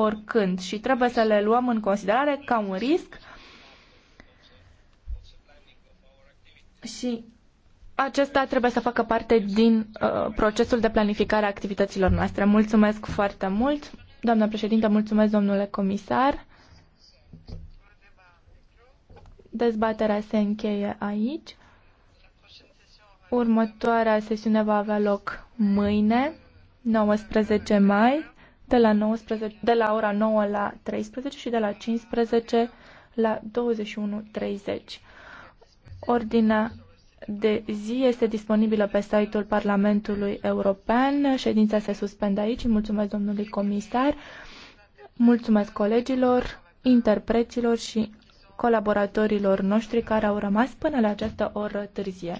oricând și trebuie să le luăm în considerare ca un risc și acesta trebuie să facă parte din uh, procesul de planificare a activităților noastre. Mulțumesc foarte mult, doamna președintă, mulțumesc domnule comisar. Dezbaterea se încheie aici. Următoarea sesiune va avea loc mâine, 19 mai de la, 19, de la ora 9 la 13 și de la 15 la 21.30. Ordinea de zi este disponibilă pe site-ul Parlamentului European. Ședința se suspendă aici. Mulțumesc domnului comisar, mulțumesc colegilor, interpreților și colaboratorilor noștri care au rămas până la această oră târzie.